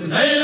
lay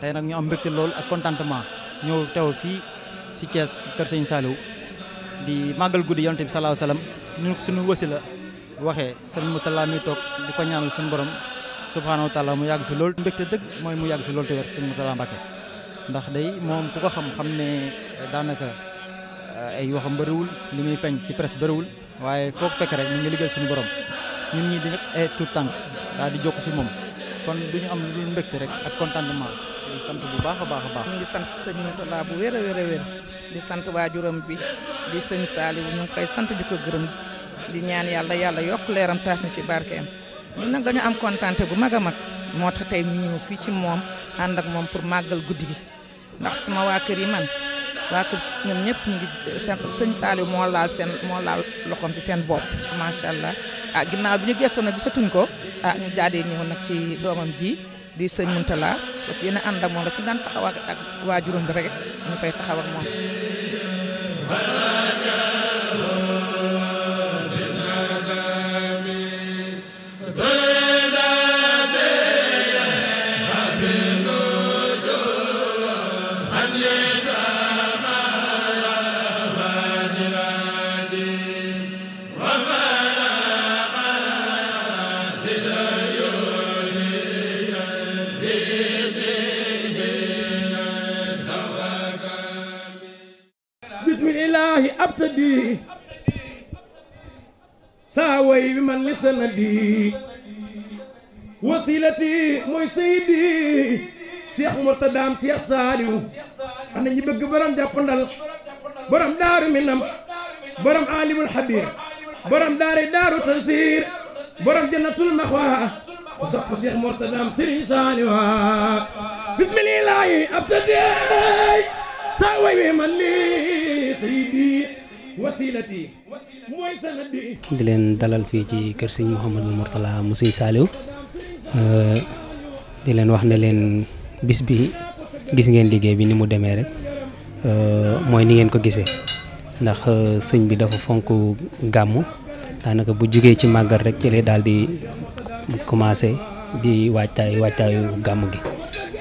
tey nag ñu am mbégte lool ak contentement ñëw teew fii si Thiès kër Sëñ Saliou di màggal guddi yonent bi salaahu salaam ñu ko suñu wasi la waxee sëñ Moutalla mi toog di ko ñaanal suñu borom subhaanahu wa taala mu yàgg fi lool mbégte dëgg mooy mu yàgg fi loolu te wér sëñ Moutalla Mbacke ndax day moom ku ko xam xam ne daanaka eh, ay waxam bëriwul li muy feeñ ci presse bëriwul waaye foog fekk rek ñu ngi liggéey suñu borom ñu ñii di nag ay tout tànk daal di jokk si moom kon du am lu rek ak contentement koy sant bu baax a baax a baax. ñu ngi sant sëñ Moutalla bu wér a wér a wér di sant waajuram bi di sëñ Saliou ñu ngi koy sant bi ko gërëm di ñaan yàlla yàlla yokk leeram taas na ci barkeem ñun nag dañu am kontante gu mag a mag moo tax tey mu ñëw fii ci moom ànd ak moom pour màggal guddi gi ndax sama waa kër yi man waa kër ñoom ñëpp ñu ngi sëñ Saliou moo laal seen moo laal loxoom ci seen bopp. macha allah ah ginnaaw bi ñu gëstoo nag gisatuñ ko ah ñu jaadee ji. di sëñ Moutala parce que yéen a ànd ak moom rek fi daan taxaw ak waajuram bi rek ñu fay taxaw ak moom. أبتدي ساوي من لسندي وسيلتي موي سيدي شيخ مرتدام شيخ ساليو أنا يبقى برام جابندال برام دار منام برام عالم الحبير برام دار دار تنسير برام جنة المخوى وصف شيخ مرتدام سيري ساليو بسم الله أبتدي saway di leen dalal fii ci kër sëñ Mouhamadou Mourtala mu sëñ Saliou euh, di leen wax ne leen bis bi gis ngeen liggéey bi ni mu demee rek euh, mooy ni ngeen ko gisee ndax euh, sëñ bi dafa fonk gàmmu daanaka bu jugee ci màggal rek ci lay daal di commencé di waajtaay waajtaayu gàmm gi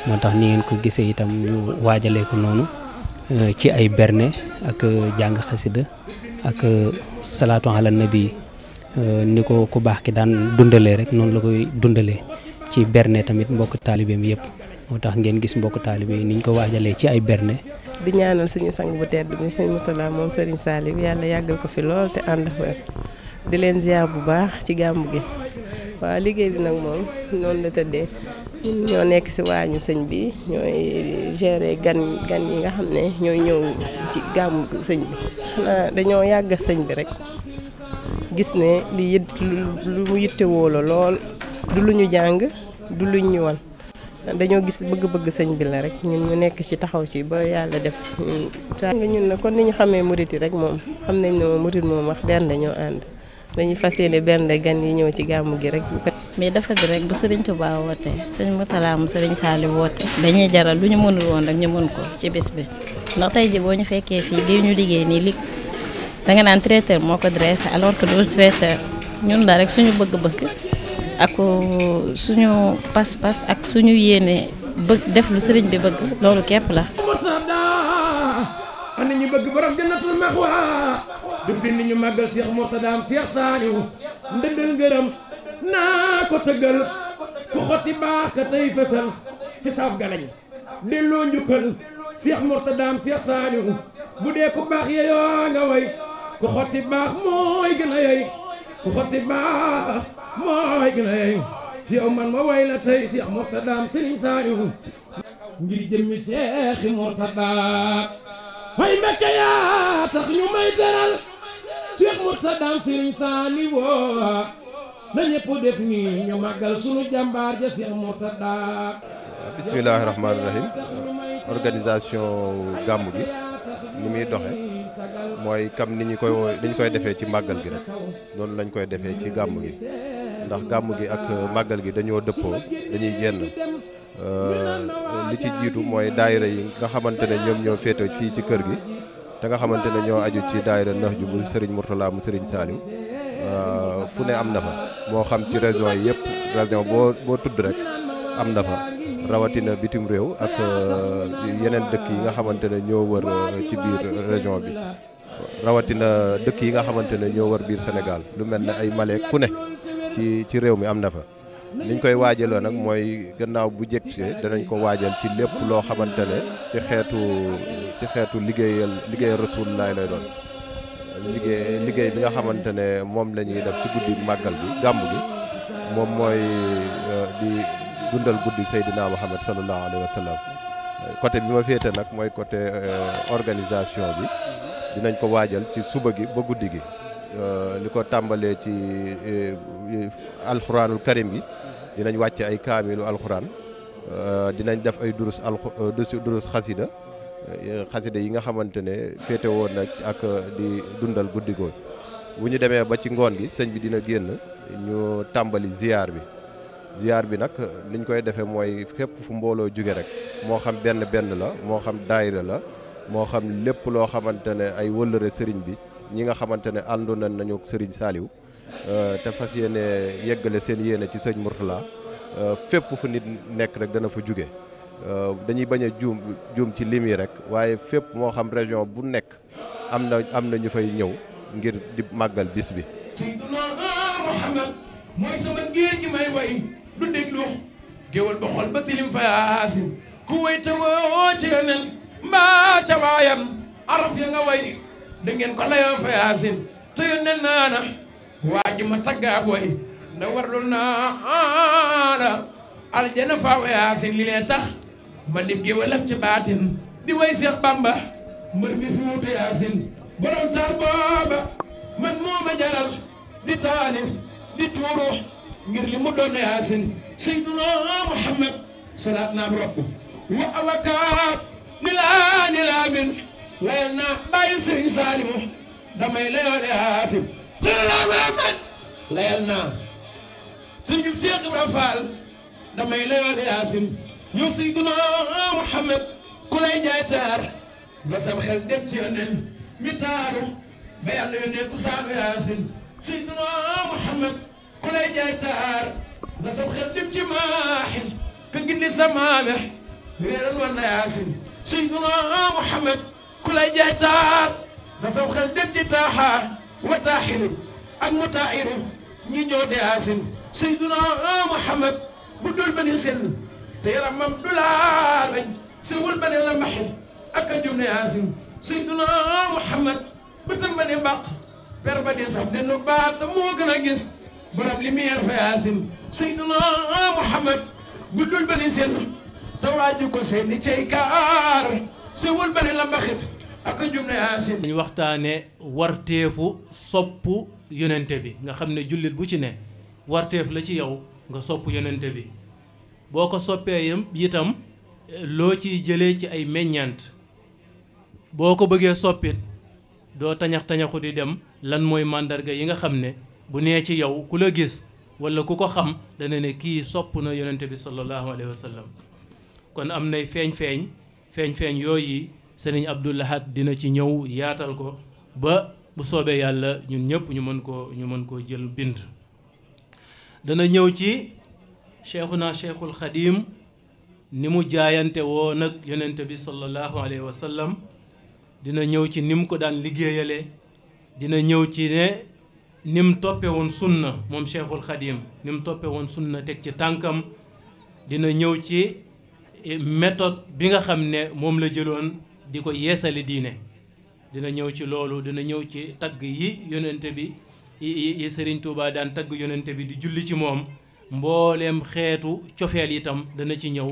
moo tax ni ngeen ko gisee itam ñu waajalee noonu Euh, ci ay berne ak euh, jàng xasida ak euh, salaatu ala bi ni ko ku baax ki daan dundalee rek noonu la koy dundalee ci berne tamit mbokk taalibeem yëpp moo tax ngeen gis mbokk taalibe niñ ko waajalee ci ay berne di ñaanal suñu sang bu tedd bi sëñ Moutala moom Serigne Saliou yàlla yàggal ko fi lool te ànd ak di leen ziar bu baax ci gàmmu gi waa liggéey bi nag moom noonu la tëddee ñoo nekk si waañu sëñ bi ñooy gérer gan gan yi nga xam ne ñooy ñëw ci gàmmu sëñ bi xanaa dañoo yàgg sëñ bi rek gis ne li yëdd lu mu yittewoo la lool du lu ñu jàng du luñ ñu wan dañoo gis bëgg-bëgg sëñ bi la rek ñun ñu nekk ci taxaw ci ba yàlla def saa nga ñun na kon ni ñu xamee murit yi rek moom xam nañ ne moom murit moom wax benn ñoo ànd dañuy fas yéene benn gan yi ñëw ci gàmm gi rek. mais dafa di rek bu Serigne Touba woote sëñ Moutala mu Serigne Saliou woote dañuy jaral lu ñu mënul woon rek ñu mën ko ci bés bi ndax tey ji boo ñu fekkee fii lii ñu liggéey nii li danga naan traiteur moo ko dressé alors que du traiteur ñun la rek suñu bëgg-bëgg ak suñu pas-pas ak suñu yéene bëgg def lu sëriñ bi bëgg loolu képp la. du bind ñu màggal Cheikh Mourtadaam Cheikh Saaliwu ndëggal ngërëm naa ko tëggal ku xotti baax ka tey fësal ci saaf galañ delloo njukkal Cheikh Mourtadaam Cheikh Saaliwu bu dee ku baax yeyoo nga way ku xotti baax mooy gën a xotti baax mooy gën a yey yow man ma way la tey Cheikh Mourtadaam Serigne Saaliwu ngir jëmmi Cheikh Mourtadaam way Mbakke ñu may teral Cheikh Murtada Serigne Saliou na ñëpp def nii ñu màggal sunu jàmbaar ja Cheikh Murtada. bisimilah rahmaani rahim organisation gàmm gi ni muy doxee mooy kam ni ñu koy ni ñu koy defee ci màggal gi rek noonu lañ koy defee ci gàmm gi ndax gàmm gi ak màggal gi dañoo dëppoo dañuy génn. li ci jiitu mooy daayira yi nga xamante ne ñoom ñoo féetoo fii ci kër gi. te nga xamante ne ñoo aju ci daayira Nahju bu Serigne Mourtala mu Serigne Saliou euh, fu ne am na fa moo xam ci région yi yëpp région boo boo tudd rek am na fa rawatina bitim réew ak euh, yeneen dëkk yi nga xamante ne ñoo wër euh, ci biir région bi rawatina dëkk yi nga xamante ne ñoo wër biir Sénégal lu mel ne ay Malek fu ne ci ci réew mi am na fa. niñ koy waajaloo nag mooy gannaaw bu jëkk see danañ ko waajal ci lépp loo xamante ne ci xeetu ci xeetu liggéeyal liggéeyal rasulullah lay doon liggéey liggéey bi nga xamante ne moom la ñuy def ci guddi màggal bi gàmb gi moom mooy euh, di dundal guddi Seydina Muhammad sallallahu alayhi wa sallam côté bi ma féete nag mooy côté euh, organisation bi dinañ ko waajal ci suba gi ba guddi gi euh, li ko tàmbalee ci alxuraanul karim gi dinañ wàcce ay kaamilu alxuraan euh, dinañ def ay durus alxu euh, durus xasida euh, xasida yi nga xamante ne féete woon na ak di dundal guddi googu bu ñu demee ba ci ngoon gi sëñ bi dina génn ñu tàmbali ziar bi ziar bi nag niñ koy defee mooy fépp fu mbooloo jóge rek moo xam benn benn la moo xam daayira la moo xam lépp loo xamante ne ay wëllëre sëriñ bi ñi nga xamante ne àndoon nañu ak sëriñ Saaliw Euh, te fas yéene yeggale seen yéene ci sëñ Mourtala euh, fépp fu nit nekk rek dana fa jóge euh, dañuy bañ a juum juum ci lim rek waaye fépp moo xam région bu nekk am na am na ñu fay ñëw ngir di màggal bis bi. mooy sama géej may way du déglu géwal ba xol ba tilim fa yaasin ku way te woo ci yonen mbaa ca baayam araf ya nga way da ngeen ko fa yaasin te yonen naana waajuma tagga boy nda warlu naala aljana fa wayaasin li leen tax ma lim gi walab ci baatin di way Seex Bamba mbër mi fuuta yaasin borom taal booba man mooma jaral di taalif di tuuru ngir li mu doon yaasin sayyiduna Muhammad salaat naa rabbu wa awakaat ni ni laa min layal naa bàyyi Sëriñ Saalimu damay layoon yaasin sallallahu alayhi wa sallam layal naa sëriñ Cheikh Ibra Fall damay layal yaasin yow Seydina Muhammad ku lay jaay taar na sam xel dem ci yeneen mi taaru ba yàlla yónnee ku saabu yaasin Seydina Muhammad ku lay jaay taar na sam xel dem ci maaxin ka gindi sa maame weeral war na yaasin Seydina Muhammad ku lay jaay taar na sam xel dem ci taaxaa wa taaxirin ak mutaaxirin ñi ñoo dee asin sayduna muhammad bu dul bani sell te yaramam du laalañ si wul bane a muhammad bu tam bane bàq ber ba di saf de nu baat moo gën a gis borom li miyeer fa yaasin sayduna muhammad bu dul bani sell waaju ko seen di cay kaar si wul ak jumne waxtaane warteefu sopp yonente bi nga xam ne jullit bu ci ne warteef la ci yow nga sopp yonente bi boo ko soppee yam itam loo ciy jëlee ci ay meññant boo ko bëggee soppit doo tañax-tañaxu di dem lan mooy màndarga yi nga xam ne bu nee ci yow ku la gis wala ku ko xam dana ne kii sopp na yonente bi sallallahu alayhi wa kon am nay feeñ-feeñ feeñ-feeñ yooyu sëriñ Abdou Lahad dina ci ñëw yaatal ko ba bu soobee yàlla ñun ñëpp ñu mën koo ñu mën koo jël bind dana ñëw ci cheikhuna cheikhul xadiim ni mu jaayante woo nag yonente bi sallallahu alayhi wa sallam dina ñëw ci ni mu ko daan liggéeyale dina ñëw ci ne ni mu toppe woon sunna moom cheikhul xadim ni mu toppe woon sunna teg ci tànkam dina ñëw ci méthode bi nga xam ne moom la jëloon di ko yeesali diine dina ñëw ci loolu dina ñëw ci tagg yi yonente bi yi Serigne Touba daan tagg yonente bi di julli ci moom mbooleem xeetu cofeel itam dana ci ñëw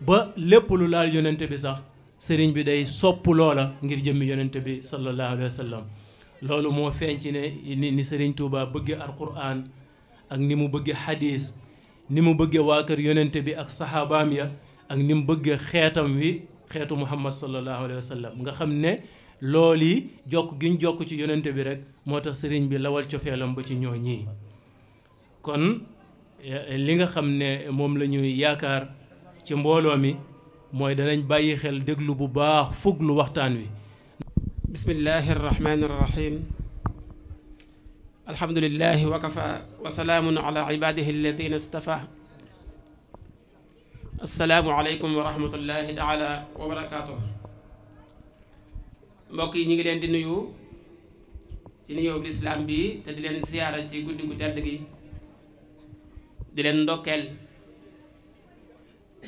ba lépp lu laal yonente bi sax sëriñ bi day sopp loola ngir jëmmi yonente bi sallallahu alayhi wa loolu moo feeñ ci ne ni Serigne Touba bëgge alquran ak ni mu bëgge xadiis ni mu bëgge waa kër yonente bi ak saxaabaam ya ak ni mu bëgge xeetam wi xeetu muhammad sallallahu alayhi wa nga xam ne loolu yi jokk gi ñu jokk ci yonente bi rek moo tax sëriñ bi lawal cofeelam ba ci ñoo ñii kon eh, li nga xam ne moom lañuy yaakaar ci mbooloo mi mooy danañ bàyyi xel déglu bu baax fuglu waxtaan wi bismillahi arrahmani arrahim alhamdulilahi wa kafa wa salaamun ala ibadihi alladina istafa asalaamualeykum wa rahmatullahi taala wa barakaatu mbokk yi ñu ngi leen di nuyu ci nuyoo bi lislaam bi te di leen siyaara ci guddi gu tedd gi di leen ndokkeel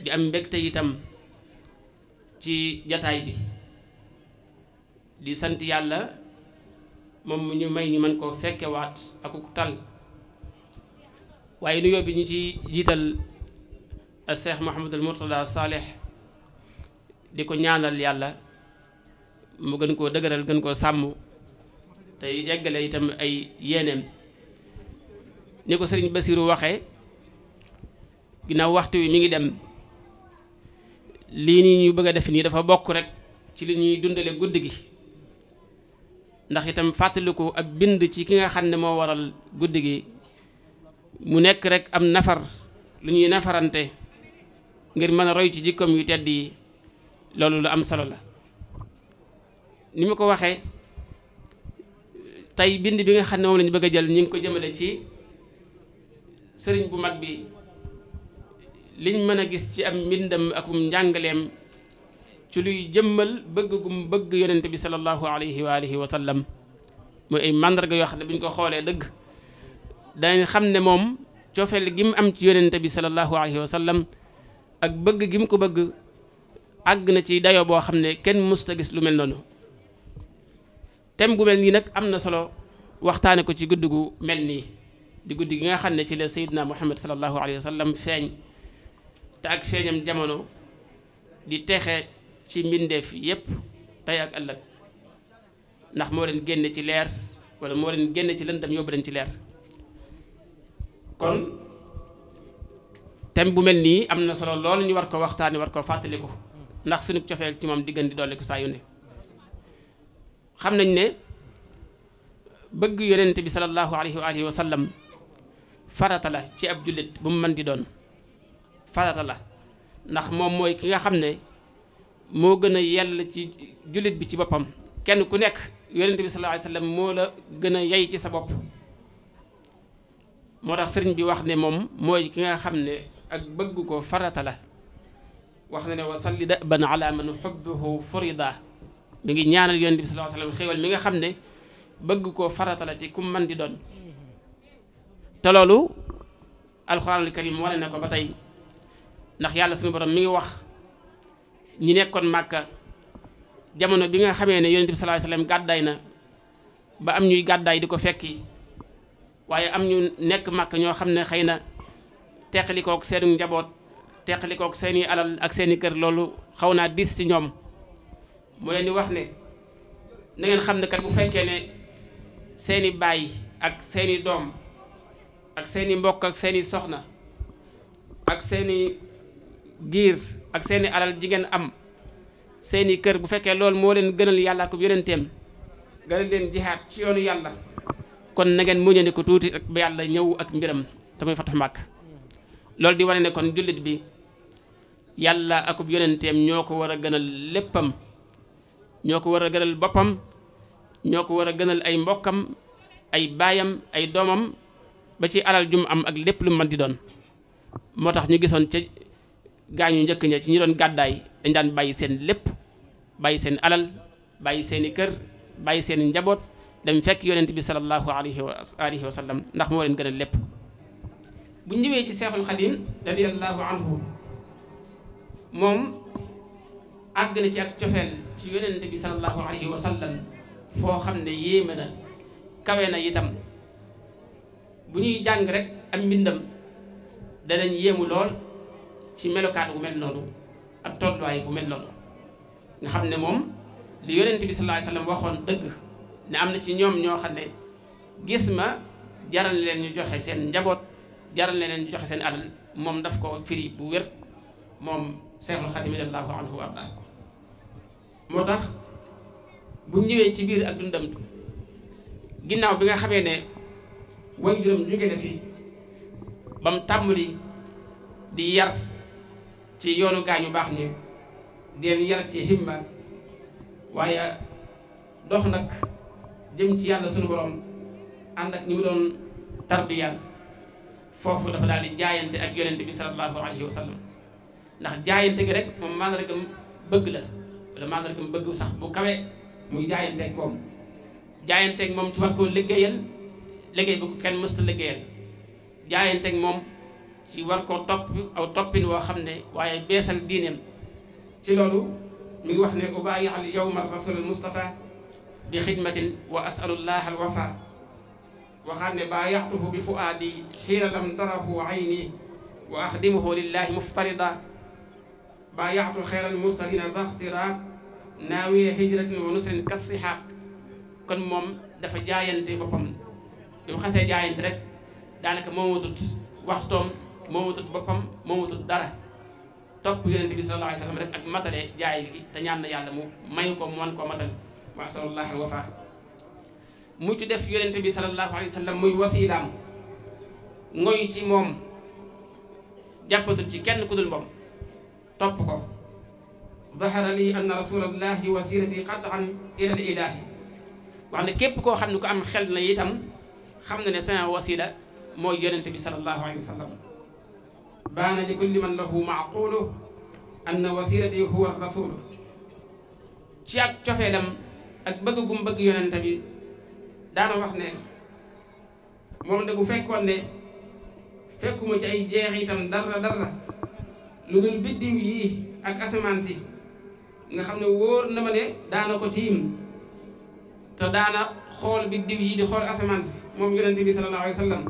di am mbégte itam ci jataay bi di sant yàlla moom mu ñu may ñu mën koo fekke waat ak ku tal waaye nuyoo bi ñu ci jiital ak Cheikh Mouhamadul Mourtada Saalix di ko ñaanal yàlla mu gën koo dëgëral gën koo sàmm te yeggale itam ay yéeneem ni ko sëriñ Basiru waxee ginnaaw waxtu wi mi ngi dem lii nii ñu bëgg a def nii dafa bokk rek ci li ñuy dundale guddi gi ndax itam fàttaliku ak bind ci ki nga xam ne moo waral guddi gi mu nekk rek am nafar lu ñuy nafarante ngir mën a roy ci jikkoom yu tedd yi loolu lu am solo la ni ma ko waxee tey bind bi nga xam ne moom lañu bëgg a jël ñu ngi ko jëmale ci sëriñ bu mag bi liñ mën a gis ci am mbindam akum njàngaleem ci luy jëmmal bëgg bëgg yonent bi sallallahu alayhi wa yoo xam ne bu ko xoolee dëgg danañ gi mu am ci yonent bi sallallahu alayhi wa ak bëgg gi mu ko bëgg àgg na ci dayo boo xam ne kenn mësta gis lu mel noonu tem gu mel nii nag am na solo waxtaane ko ci gudd gu mel nii di guddi gi nga xam ne ci la sayyidina muhammad sallallahu alayhi wa sallam feeñ te ak feeñam jamono di texe ci mbindeef yépp tey ak ëllëg ndax moo leen génne ci leer wala moo leen génne ci lëndam yóbbu leen ci leer kon thème bu mel nii am na solo loolu ñu war ko waxtaani war ko fàttaliku ndax suñu cofeel ci moom di gën di dolli ko saa yu ne xam nañ ne bëgg yonent bi sallallahu alayhi wa alihi la ci ab jullit bu mën di doon farata ndax moom mooy ki nga xam ne moo gën a yell ci jullit bi ci boppam kenn ku nekk yonent bi sallallahu alayhi wa moo la gën a yey ci sa bopp moo tax sëriñ bi wax ne moom mooy ki nga xam ne ak bëgg ko farata la wax na ne wa salli da ban ala man xubbuhu furida mu ngi ñaanal yonent bi sallallahu alayhi wa sallam xéewal mi nga xam ne bëgg koo farata la ci kum man di doon te loolu alxuraanul karim wane na ko ba tey ndax yàlla suñu borom mi ngi wax ñi nekkoon màkka jamono bi nga xamee ne yonent bi sallallahu alayhi wa sallam gàddaay na ba am ñuy gàddaay di ko fekki waaye am ñu nekk màkk ñoo xam ne xëy na kook seeni njaboot teqalikook seeni alal ak seeni kër loolu xaw naa dis ci ñoom mu leen di wax ne na ngeen xam ne kat bu fekkee ne seeni baay ak seeni doom ak seeni mbokk ak seeni soxna ak seeni giir ak seeni alal ji ngeen am seeni kër bu fekkee loolu moo leen gënal yàllaa yàlla ak yonenteem gënal leen jihaat ci yoonu yàlla kon na ngeen muñandi ko tuuti ak ba yàlla ñëw ak mbiram te muy fatax màkk loolu di wane ne kon jullit bi yàlla akub yonenteem ñoo ko war a gënal léppam ñoo ko war a gënal boppam ñoo ko war a gënal ay mbokkam ay baayam ay doomam ba ci alal jum am ak lépp lu man di doon moo tax ñu gisoon ca gaañu njëkk ña ci ñu doon gàddaay dañ daan bàyyi seen lépp bàyyi seen alal bàyyi seen i kër bàyyi seen i njaboot dem fekk yonent bi sallallahu alayhi wa alihi wa sallam ndax moo leen gënal lépp bu ñëwee ci seexul xadim radiallahu anhu moom àgg na ci ak cofeel ci yonente bi salallahu alayhi wa foo xam ne yéeme na kawe na itam bu ñuy jàng rek ak mbindam danañ yéemu lool ci melokaan bu mel noonu ak tolluwaay bu mel noonu nga xam ne moom li yonente bi salallahu alayhi waxoon dëgg ne am na ci ñoom ñoo xam ne gis ma jaral leen ñu joxe seen njaboot jaral leneen joxe seen alal moom daf ko firi bu wér moom Seexul daa ko anhu wa ardaa moo tax bu ñëwee ci biir ak dundam ginnaaw bi nga xamee ne way juróom jóge na fi ba mu tàmbali di yar ci yoonu gaañu baax ñi di yar ci himma waaye dox nag jëm ci yàlla sunu borom ànd ak ñi mu doon tarbiya foofu dafa daal jaayante ak yonente bi sallallahu alayhi wa sallam ndax jaayante gi rek moom mandargam bëgg la wala mandargam bëgg sax bu kawe mu jaayante ak moom jaayante ak moom ci war koo liggéeyal liggéey bu ko kenn mësta liggéeyal jaayante moom ci war koo toppin woo xam ne waaye beesal diineem ci loolu mi ngi wax ne ubaayi al yowma rasul al mustafa bi xidmatin wa asalullah al wafa waxaat ne baa yaxtuhu bi fuaadi xiina lam tarahu ayni wa axdimuhu lillahi muftarida baa yaxtu xeeral mursalina baxtira naawiya hijratin wa nusrin kassixaaq kon moom dafa jaayante boppam bi mu xasee jaayante rek daanaka moomatut waxtoom moomatut boppam moomatut dara topp yonente bi sallallahu alayhi wa sallam rek ak matale jaay gi te ñaan na yàlla mu may ko mu man koo matal wa asalullahi alwafa mu def yonent bi sallallahu alayhi wa sallam muy wasiilaam ngoy ci moom jàppatul ci kenn ku dul moom topp ko zahara li anna rasulallahi wasilati qat'an ila al ilahi wax ne képp koo xam ne ko am xel na itam xam na ne sama wasila mooy yonent bi sallallahu alayhi wa sallam baana li kulli man lahu maaqulu anna wasilati huwa rasulu ci ak cofeelam ak bëgg bëgg yonent bi daana wax ne moom de bu fekkoon ne fekkuma ci ay jeexitam dara dara lu bi biddiw yii ak asamaan si nga xam ne wóor na ma ne daana ko tiim te daana xool biddiw yii di xool asamaan si moom yonente bi sallallahu alayhi wa sallam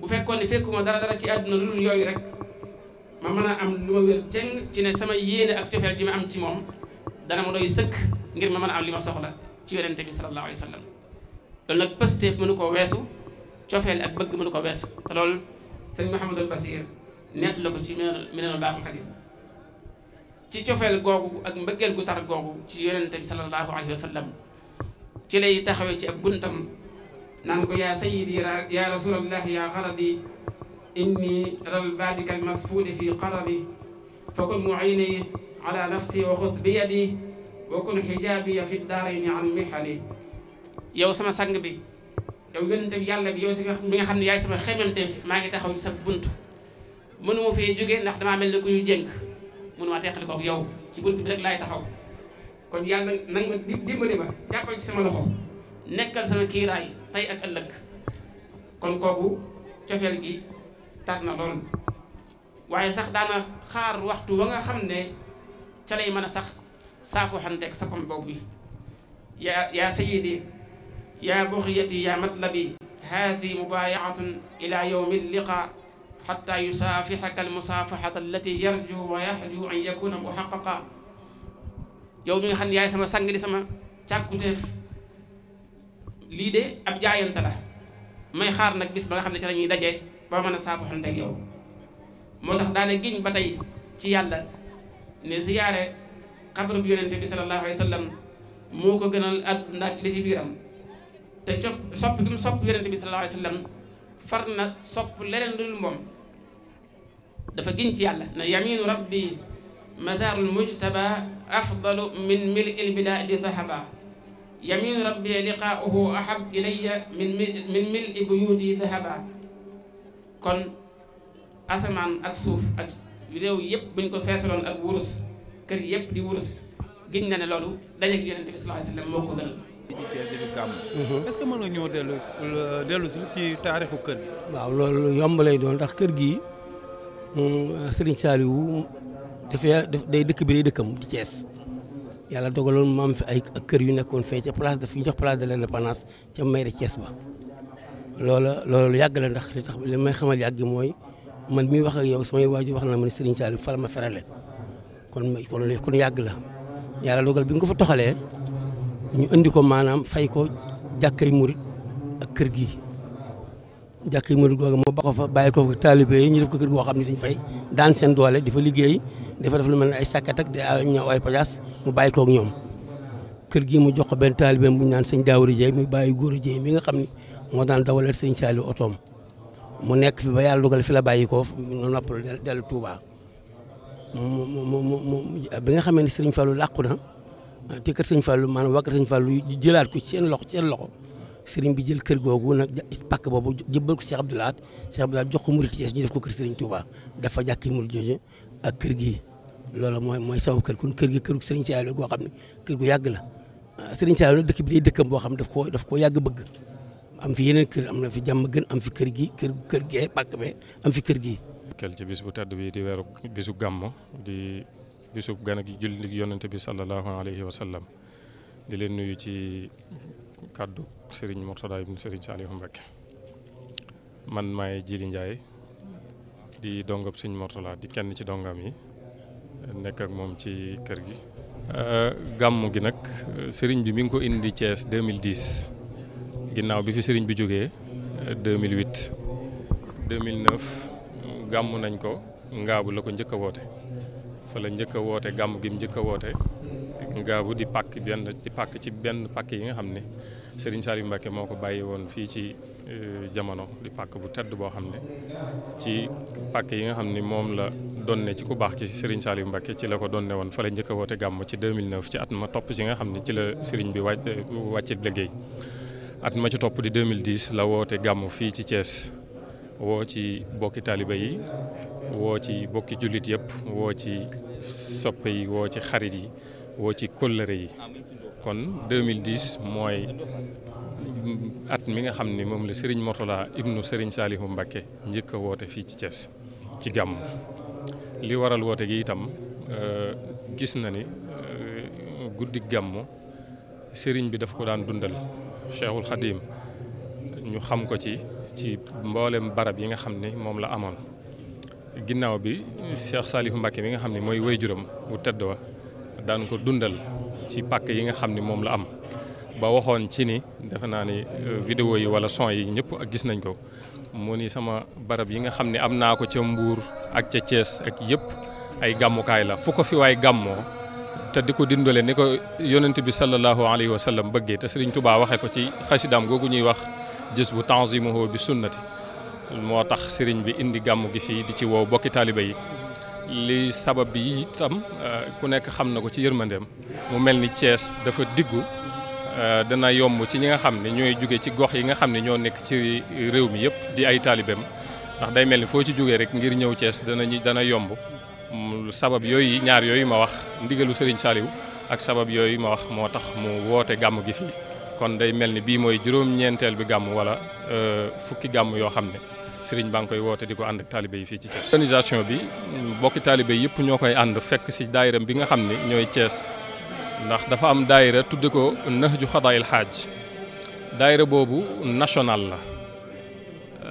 bu fekkoon ne fekkuma dara dara ci àdduna lu dul yooyu rek ma mën a am lu ma wér ceng ci ne sama yéene ak cofeel ji ma am ci moom dana ma doy sëkk ngir ma mën a am li ma soxla ci yonente bi sallallahu alayhi wa loolu nag Pastef mënu ko weesu cofeel ak bëgg mënu ko weesu te loolu sëñ Mouhamadul Basir nett la ko ci Minanul Baaxil Xadim ci cofeel googu ak mbëggeel gu tar googu ci yonente bi sallallahu alayhi ci lay taxawee ci ab guntam naan ko yaa sayidi ya rasulallah ya xaradi inni ral baadika almasfuudi fi qarari fa kun muini ala nafsi wa xus bi yadi wa kun xijaabiya fi daarayni an mihani yow sama sang bi yow yonente bi yàlla bi yow si nga xam nga xam ne yaay sama xememteef maa ngi taxaw ci sa bunt mënuma fee jógee ndax damaa mel ne ku ñu jénk mënuma teqali koog yow ci bunt bi rek laay taxaw kon yàlla nag ma dimbali ma jàppal ci sama loxo nekkal sama kiiraay tey ak ëllëg kon kooku cofeel gi tar na lool waaye sax daana xaar waxtu wa nga xam ne ca lay mën a sax saafu xanteeg soppam boobu yi yaa yaa sayidi yaa buxyati yaa matlabi haadi mubaayacatun ila yowmi alliqa xataa yusaafixaka almusaafaxata allati yarju wa an yakuna muxaqaqa yow mi nga xam ne yaay sama sang di sama càkkuteef lii de ab jaayante la may xaar nag bis ba xam ne ci la ñuy daje ba mën a saafaxante moo tax daane giñ ba tey ci yàlla ne ziyaare xabar bu yonente bi sallallahu alayhi wa sallam moo ko gënal àdduna ak li ci biiram te cop sopp gi mu sopp yonent bi sallallahu alayhi wa sallam far na sopp leneen lu dul moom dafa giñ ci yàlla na yaminu rabbi mazarul mujtaba afdalu min mil'il bidaadi dahaba yaminu rabbi liqaa'uhu ahab ilayya min min mil'i kon asamaan ak suuf ak réew yëpp buñ ko feesaloon ak wurus kër yëpp di wurus giñ na ne loolu daje ak yonent bi sallallahu alayhi wa sallam moo ko gënal ci Thiès di gàmm. Mhm. est-ce mën nga ñëw dellu dellu si ci taarixu kër gi. waaw loolu yomb lay doon ndax kër gi euh, Serigne Saliou dafay day dëkk bi day dëkkam ci Thiès. yàlla dogaloon mu ay kër yu nekkoon fee ca place daf ñu jox place de l'indépendance ca mairie Thiès ba loola loolu yàgg la ndax li tax li may xamal yàgg mooy man mi wax ak yow samay waajur wax na ma ne Serigne Saliou ma ferale kon yàgg la yàlla dogal bi nga fa toxalee ñu indi ko maanaam fay ko jàkkay murit ak kër gi jàkkay murit googu moo ba ko fa bàyyi ñu def ko kër goo xam ne dañ fay daan seen doole di fa liggéey dafa def lu mel ne ay sàkkat ak ah, ay pajaas mu bàyyi koog ñoom kër gi mu jox ko benn taalibeem bu ñu naan sëñ Daawuri Jeey muy bàyyi góor a jeey mi nga xam ne moo daan dawalal sëñ Saaliw otoom mu nekk fi ba yàlla dogal fi la bàyyi ko mu noppal dellu Tuubaa mu mu mu bi nga xamee ne sëriñ Fallu làqu te kër sëñ Fallou maanaam waa kër sëñ Fallou jëlaat ko seen loxo seen loxo sëriñ bi jël kër googu nag pàkk boobu jëbbal ko Cheikh Abdou Lahad Cheikh Abdou Lahad jox ko murid Thiès ñu def ko kër sëriñ Touba dafa jàkki murid jooju ak kër gi loolu mooy mooy sababu kër kon kër gi këru sëriñ Saliou goo xam ne kër gu yàgg la ah, sëriñ Saliou dëkk bi day dëkkam boo xam ne daf koo daf koo yàgg bëgg am fi yeneen kër am na fi jàmm gën am fi kër gi kër kër gee pàkk be am fi kër gi kel ci bis bu tedd bi di weeru bisu gàmm di bisub gan ak julli gi yonante bi sallallahu alayhi wa sallam di leen nuyu ci kàddu Serigne Mourtada ibn Serigne Saliou Mbacké man maay Jili Ndiaye di dongab Serigne Mourtada di kenn ci dongam yi nekk ak moom ci kër gi. Euh, gàmmu gi nag Serigne bi mi ngi ko indi Thiès 2010 ginnaaw bi fi sëriñ bi jógee 2008 euh, 2009 gàmmu nañ ko ngaabu la ko njëkk a woote. fa la njëkk woote gàmm gi mu njëkk a woote ngaabu di pàkk benn di pàkk ci benn pàkk yi nga xam ne Serigne Saliou Mbacke moo ko bàyyi woon fii ci euh, jamono di pàkk bu tedd boo xam ne ci pàkk yi nga xam ni moom la doon ne ci ku baax ci Serigne Saliou Mbacke ci la ko donne woon fa la njëkk a woote gàmm ci 2009 ci at ma topp ci nga xam ne ci la Serigne bi wàcc wàcce liggéey at ma ci topp di 2010 la woote gàmm fii ci Thiès woo ci bokki taaliba yi woo ci bokki jullit yëpp woo ci soppe yi woo ci xarit yi woo ci kóllëre yi kon 2010 mooy at mi nga xam ni moom la Serigne Mourtala ibnu Serigne Salihu Mbacké njëkk a woote fii ci Thiès ci gàmm li waral woote gi itam euh, gis na ni euh, guddi gàmm sëriñ bi daf ko daan dundal Cheikhul Khadim ñu xam ko ci ci mboolem barab yi nga xam ni moom la amoon ginnaaw bi Cheikh Saliou mbakke mi nga xam ne mooy woy waajuram wu tedd wa daan ko dundal ci pàkk yi nga xam ni moom la am ba waxoon ci ni defe naa ni euh, vidéo yi wala son yi ñëpp ak gis nañ ko moo ni sama barab yi nga xam ne am naa ko ca Mbuur ak ca cees ak yëpp ay gàmmukaay la fu ko fi waaye gàmmoo te di ko dindale ni ko yonent bi sallallahu alayhi wa sallam bëggee te Sëriñ Tubaa waxee ko ci xasidaam googu ñuy wax gis bu tanzimuhu bi sunnati moo tax sëriñ bi indi gàmm gi fii di ci woo bokki taaliba yi li sabab bi itam euh, ku nekk xam na ko ci yërmandeem mu mel ni cees dafa diggu euh, dana yomb ci ñi nga xam ne ñooy jóge ci gox yi nga xam ne ñoo nekk ci réew mi yëpp di ay taalibeem ndax day mel ni foo ci jógee rek ngir ñëw Thiès dana dana yomb mm, sabab yooyu ñaar yooyu ma wax ndigalu sëriñ Saliou ak sabab yooyu ma wax moo tax mu woote gàmm gi fii kon day mel ni bii mooy juróom-ñeenteel bi gàmm wala euh, fukki gàmm yoo xam ne sëriñ baa ngi koy woote di ko ànd ak taalibe yi fii ci Thiès. organisation bi bokki taalibe yëpp ñoo koy ànd fekk si daayiram bi nga xam ne ñooy Thiès ndax dafa am daayira tudde ko Nahju Xadaayil Xaaj daayira boobu national la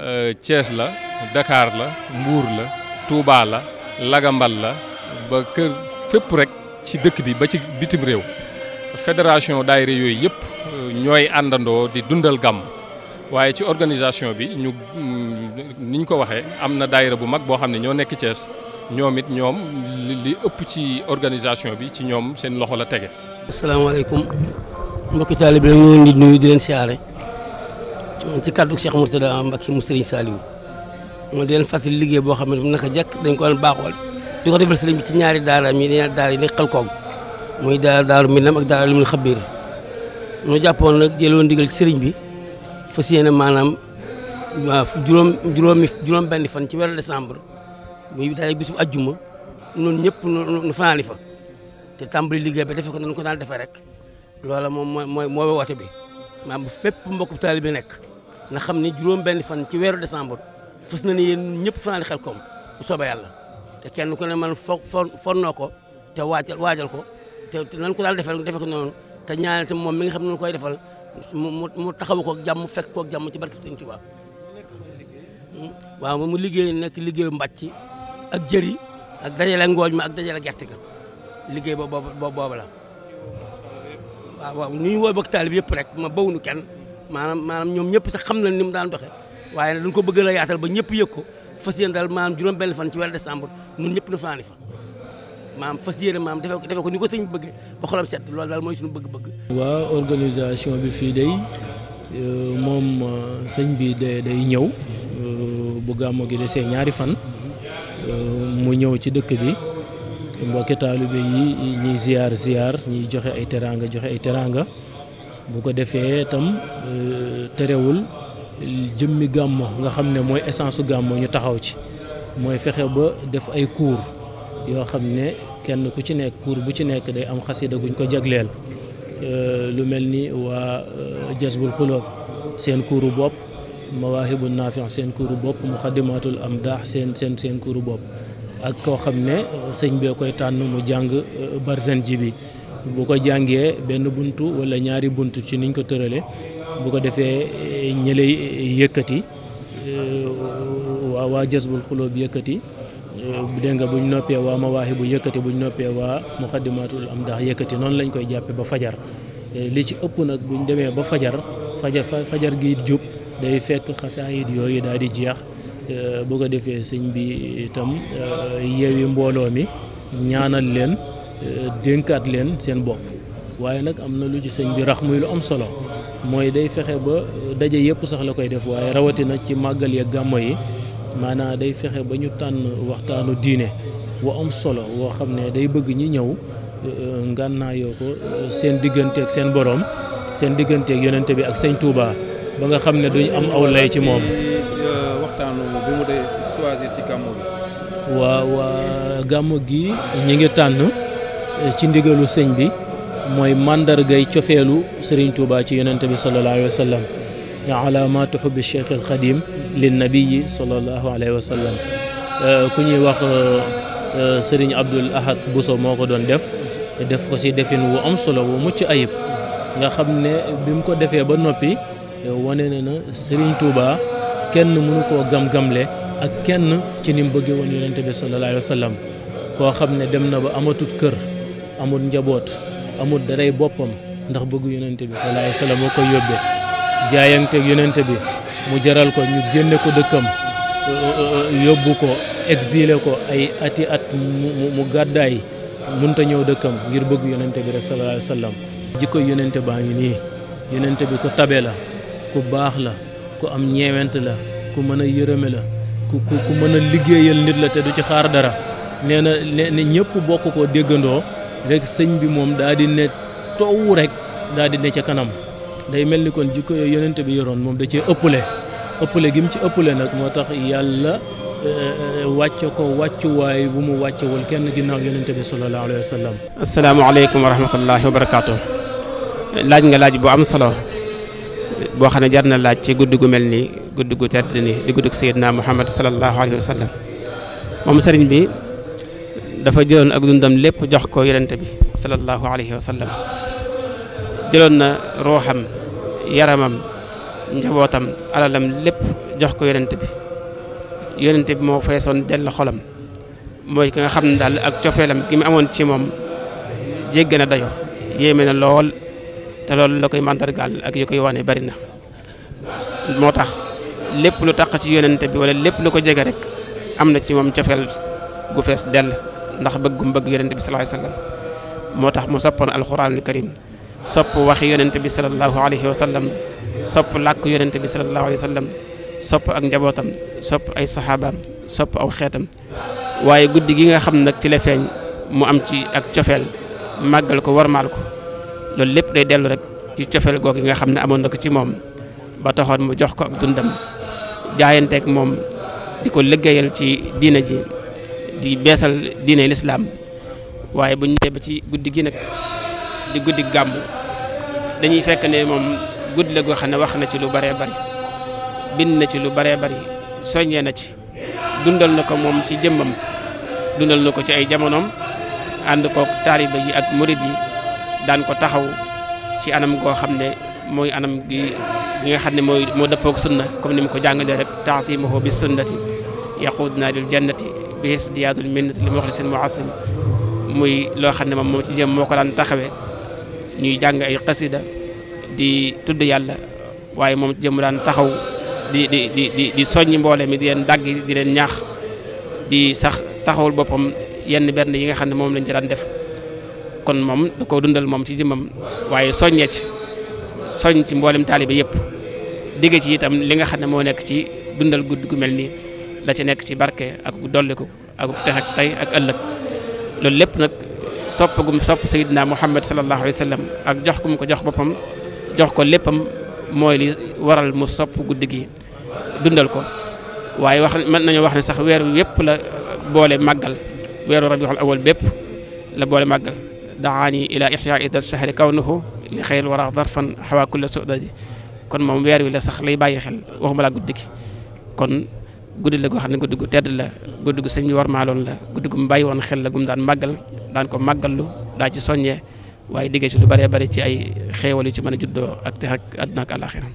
euh, Thiès la Dakar la Mbuur la Touba la Lagambal la ba kër fépp rek ci dëkk bi ba ci bitim réew fédération daayira yooyu yëpp euh, ñooy àndandoo di dundal gàmm waaye ci organisation bi ñu mm, ni ñu ko waxee am na daayira bu mag boo xam ne ñoo nekk Thiès ñoom it ñoom li ëpp ci organisation bi ci ñoom seen loxo la tege. asalaamaaleykum mbokki taalibe bi ñu ngi nuyu di leen siyaare ci mu kàddu Cheikh Mourtada Mbacké mu Serigne Saliou moom di leen fàttali liggéey boo xam ne naka jekk dañ ko doon baaxool di ko defal sëriñ bi ci ñaari daara mi ñaari daara yi nekk Xelkom muy daara daaru Minam ak daaru Limul Xabir ñu jàppoon nag jëloon ndigal ci sëriñ bi. fas yéene maanaam juróom juróomi juróom benn fan ci weeru décembre muy daay bisu ajjuma ñun ñëpp nu fanaani fa te tàmbali liggéey ba defe ko nañ ko daan defee rek loola moo mooy mooy mooy woote bi maanaam bu fépp mbokku taalibe bi nekk na xam ni juróom benn fan ci weeru décembre fas na ni yéen ñëpp fanaani xel koom bu soobee yàlla te kenn ku ne man fo fonnoo ko te waajal waajal ko te nan ko daal defee defe ko noonu te ñaanal te moom mi nga mu mu taxaw ko jàmm fekk kook jàmm ci barke Sëñ Tuubaa waaw mu liggéey nekk liggéeyu mbàcc ak jëri ak dajale ngooñ ma ak dajale gerte ga liggéey ba boobu la waaw waaw ni ñu woo bëgg taalib yëpp rek ma bawuñu kenn maanaam maanaam ñoom ñëpp sax xam nañ ni mu daan doxee waaye nag dañ ko bëgg la yaatal ba ñëpp yëg ko fas yéen daal maanaam juróom benn fan ci weeru décembre ñun ñëpp nu faani fa maam fas yéene maam defee ko defee ko ni ko sëñ bëgg ba xolam set loolu daal mooy suñu bëgg-bëgg. waaw organisation bi fii day euh, moom euh, sëñ bi day day ñëw euh, bu gàmmu gi desee ñaari fan mu ñëw ci dëkk bi mbokki taalibe yi ñiy ziar ziar ñiy joxe ay teraanga joxe ay teraanga bu ko defee tam terewul jëmmi gàmmu nga xam ne mooy essence su ñu taxaw ci mooy fexe ba def ay cours yoo xam ne kenn ku ci nekk kuur bu ci nekk day am xasida guñ ko jagleel euh, lu mel ni waa euh, jasbul xuloob seen kuuru bopp mawaahibu naafi seen kuuru bopp am amdaax seen seen seen kuuru bopp ak koo xam ne euh, sëñ bee koy tànn mu jàng barzen ji bi bu ko jàngee benn bunt wala ñaari bunt ci niñ ko tërale bu ko defee ñëlay yëkkati waa waa jasbul xuloob yëkkati dégg nga buñ noppee waa ma mawaahi bu yëkkati buñ noppee waa muxaddimatul am ndax yëkkati noonu lañ koy jàppe ba fajar eh, li ci ëpp nag buñ demee ba fajar fajar fajar gi jub day fekk xasaayit yooyu daal di jeex eh, bu ko defee sëñ bi itam eh, yeewi mbooloo mi ñaanal leen dénkaat leen seen bopp waaye nag am na lu ci sëñ bi rax muy lu am solo mooy day fexe ba daje yëpp sax la koy def waaye rawatina ci màggal ya gàmmo yi maanaam day fexe ba ñu tànn waxtaanu diine wa am solo woo xam ne day bëgg ñi ñëw euh, ngànnaayoo ko euh, seen digganteeg seen boroom seen digganteeg yonente bi ak sëñ Touba ba nga xam ne duñ am aw lay ci moom. Euh, waxtaanu gàmmu gi. waa ñi ngi tànn ci ndigalu sëñ bi mooy màndargay cofeelu Serigne Touba ci yonente bi sallallahu alayhi wa sallam xubbi Cheikh al linnabiyi sallallahu alayhi wa sallam euh, ku ñuy wax euh, euh, sëriñ Abdul Ahad Bousso moo ko doon def def ko ci defin wu am solo bu mucc ayib nga xam ne bi mu ko defee ba noppi wane ne na sëriñ Touba kenn mënu koo gam-gamle ak kenn ci ni mu bëggee woon yonent bi sallallahu alayhi koo xam ne dem na ba amatul kër amut njaboot amut daray boppam ndax bëgg yonent bi sallallahu alayhi wa sallam moo koy yóbbee jaayanteeg yonent bi mu jaral ko ñu génne ko dëkkam yóbbu ko egsile ko ay ati at mu mu gàddaay munta ñëw dëkkam ngir bëgg yonente bi rek sallallahu alayhi jikko yonente baa ngi nii yonente bi ko tabe la ku baax la ku am ñeewent la ku mën a yërëme la ku ku mën a liggéeyal nit la te du ci xaar dara nee na ne ñëpp bokk koo déggandoo rek sëñ bi moom daa di ne toow rek daa di ne ca kanam day mel ni kon jikko yooyu yonente bi yoroon moom da cee ëppale ëppale gi mu ci ëppale nag moo tax yàlla eh, eh, wàcce ko wàcc wàccuwaay bu mu wàccewul kenn ginnaaw yonente bi sallallahu alayhi wa wa rahmatullahi wa barakaatu laaj nga laaj bu am solo boo xam ne jar na laaj ci guddi gu mel ni guddi gu tedd nii di guddi gu Seydina Muhammad sallallahu alayhi wa sallam moom sëriñ bi dafa jëloon ak dundam lépp jox ko yonente bi sallallahu alayhi wa sallam jëloon na ruuxam yaramam njabootam alalam lépp jox ko yonent bi yonent bi moo feesoon dell xolam mooy ki nga xam ne daal ak cofeelam ki mu amoon ci moom jégg na dayo yéeme na lool te loolu la koy màndargaal ak yu koy wane bari na moo tax lépp lu taq ci yonent bi wala lépp lu ko jege rek am na ci moom cofeel gu fees dell ndax bëggum bëgg yonent bi sallallahu alayhi tax mu soppoon alxuraanul karim sopp làkk yonent bi sallallahu alayhi wa sallam sopp ak njabootam sopp ay saxaabaam sopp aw xeetam waaye guddi gi nga xam ne nag ci la feeñ mu am ci ak cofeel màggal ko warmaal ko loolu lépp day dellu rek ci cofeel googu nga xam ne amoon na ko ci moom ba toxoon mu jox ko ak dundam jaayanteeg moom di ko liggéeyal ci diina ji di beesal diine lislaam waaye bu ñu ñëwee ba ci guddi gi nag di guddi gàmmu dañuy fekk ne moom guddi la goo xam ne wax na ci lu bëree bëri bind na ci lu bëree bëri soññee na ci dundal na ko moom ci jëmmam dundal na ko ci ay jamonoom ànd kook taaliba yi ak murid yi daan ko taxaw ci anam goo xam ne mooy anam gi nga xam ne mooy moo dëppook sunna comme ni mu ko dee rek taatimahu bi sunnati yaquduna lil jannati bi isdiyaadul minnati li muxlisin muasim muy loo xam ne moom moom ci jëm moo ko daan taxawe ñuy jàng ay xasida di tudd yàlla waaye moom jëm daan taxaw di di di soññ di soññi mboole mi di leen dagg di leen ñaax di sax taxawul boppam yenn benn yi nga xam ne moom lañ ci daan def kon moom da koo dundal moom ci jëmmam waaye soññee ci soñ ci mboolem taaliba yëpp digg ci itam li nga xam ne moo nekk ci dundal gudd gu mel nii la ci nekk ci barke ak dolliku ak tex ak tey ak ëllëg loolu lépp nag sopp gum sopp Seydina Muhammad sallallahu alayhi wa sallam ak jox gum ko jox boppam jox ko léppam mooy li waral mu sopp guddi gi dundal ko waaye wax mën nañu wax ne sax weer wi yépp la boole màggal weeru rabiul awal bépp la boole màggal daani ila ixya ida sahri kawnuhu li xëyl wara darfan xawa kulla sudadi kon moom weer wi la sax lay bàyyi xel waxuma laa guddi gi kon guddi la goo xam ne guddi gu tedd la guddi gu sëñ bi war maaloon la guddi gu mu bàyyi woon xel la gum daan màggal daan ko màggallu daa ci soññee waaye liggéey ci lu bëree bari ci ay xéewal yu ci mën a juddoo ak tex ak àdduna ak àllaaxira